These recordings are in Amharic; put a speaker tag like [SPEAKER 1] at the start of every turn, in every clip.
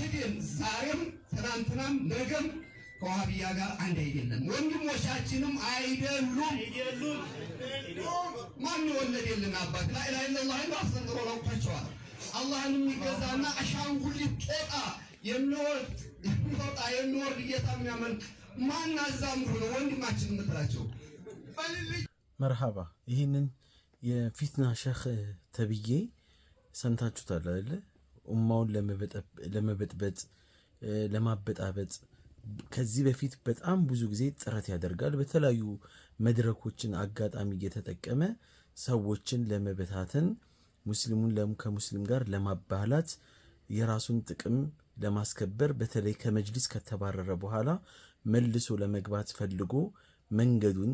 [SPEAKER 1] አልሄድም። ዛሬም ትናንትናም ነገም ከዋህብያ ጋር አንድ አይደለም። ወንድሞቻችንም አይደሉም። ማን ወለድ የለን አባት ላላ ለላ አስጠንቅሮ ላውቃቸዋል። አላህን የሚገዛና አሻንጉሊት ጦጣ የሚወርድ ጦጣ የሚወርድ ጌታ የሚያመልክ ማን አዛምዱ ነው ወንድማችን የምትላቸው
[SPEAKER 2] መርሃባ። ይህንን የፊትና ሸህ ተብዬ ሰምታችሁታል አይደል? ኡማውን ለመበጥበጥ ለማበጣበጥ ከዚህ በፊት በጣም ብዙ ጊዜ ጥረት ያደርጋል። በተለያዩ መድረኮችን አጋጣሚ እየተጠቀመ ሰዎችን ለመበታተን ሙስሊሙን ከሙስሊም ጋር ለማባላት የራሱን ጥቅም ለማስከበር በተለይ ከመጅሊስ ከተባረረ በኋላ መልሶ ለመግባት ፈልጎ መንገዱን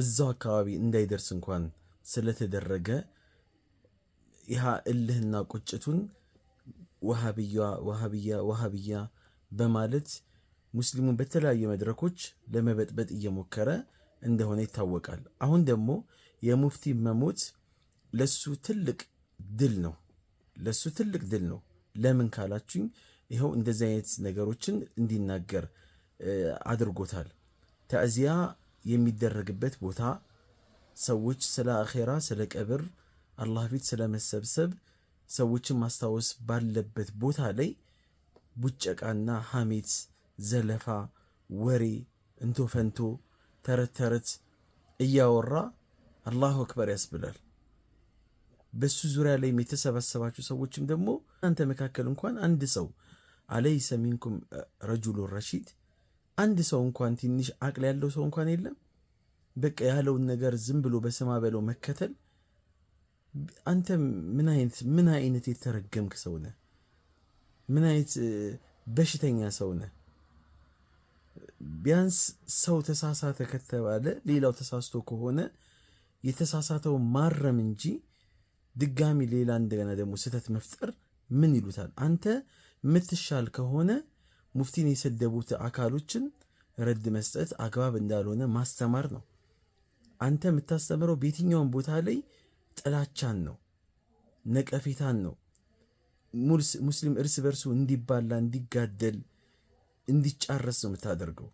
[SPEAKER 2] እዛው አካባቢ እንዳይደርስ እንኳን ስለተደረገ ይህ እልህና ቁጭቱን ወሃብያ ወሃብያ ወሃብያ በማለት ሙስሊሙን በተለያዩ መድረኮች ለመበጥበጥ እየሞከረ እንደሆነ ይታወቃል። አሁን ደግሞ የሙፍቲ መሞት ለሱ ትልቅ ድል ነው። ለሱ ትልቅ ድል ነው። ለምን ካላችሁኝ ይኸው እንደዚህ አይነት ነገሮችን እንዲናገር አድርጎታል። ተእዚያ የሚደረግበት ቦታ ሰዎች ስለ አኼራ፣ ስለ ቀብር፣ አላህ ፊት ስለመሰብሰብ ሰዎችን ማስታወስ ባለበት ቦታ ላይ ቡጨቃና ሐሜት፣ ዘለፋ፣ ወሬ፣ እንቶ ፈንቶ፣ ተረት ተረት እያወራ አላሁ አክበር ያስብላል። በሱ ዙሪያ ላይም የተሰባሰባችሁ ሰዎችም ደግሞ እናንተ መካከል እንኳን አንድ ሰው አለይሰ ሚንኩም ረጁሉ ረሺድ አንድ ሰው እንኳን ትንሽ አቅል ያለው ሰው እንኳን የለም። በቃ ያለውን ነገር ዝም ብሎ በስማ በለው መከተል አንተ ምን አይነት ምን አይነት የተረገምክ ሰው ነህ? ምን አይነት በሽተኛ ሰው ነህ? ቢያንስ ሰው ተሳሳተ ከተባለ ሌላው ተሳስቶ ከሆነ የተሳሳተው ማረም እንጂ ድጋሚ ሌላ እንደገና ደግሞ ስህተት መፍጠር ምን ይሉታል? አንተ የምትሻል ከሆነ ሙፍቲን የሰደቡት አካሎችን ረድ መስጠት አግባብ እንዳልሆነ ማስተማር ነው። አንተ የምታስተምረው በየትኛውም ቦታ ላይ ጥላቻን ነው፣ ነቀፌታን ነው። ሙስሊም እርስ በርሱ እንዲባላ፣ እንዲጋደል፣ እንዲጫረስ ነው የምታደርገው።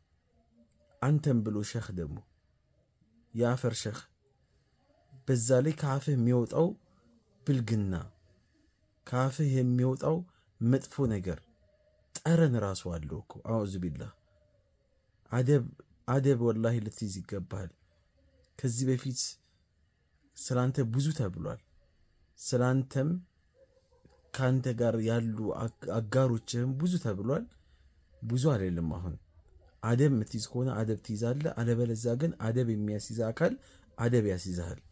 [SPEAKER 2] አንተም ብሎ ሸህ ደግሞ የአፈር ሸህ በዛ ላይ ከአፍህ የሚወጣው ብልግና ከአፍህ የሚወጣው መጥፎ ነገር ጠረን ራሱ አለው እኮ አዑዙ ቢላህ። አደብ አደብ፣ ወላሂ ልትይዝ ይገባሃል። ከዚህ በፊት ስላንተ ብዙ ተብሏል። ስላንተም ከአንተ ጋር ያሉ አጋሮችህም ብዙ ተብሏል። ብዙ አይደለም። አሁን አደብ የምትይዝ ከሆነ አደብ ትይዛለህ። አለበለዚያ ግን አደብ የሚያስይዝ አካል አደብ ያስይዝሃል።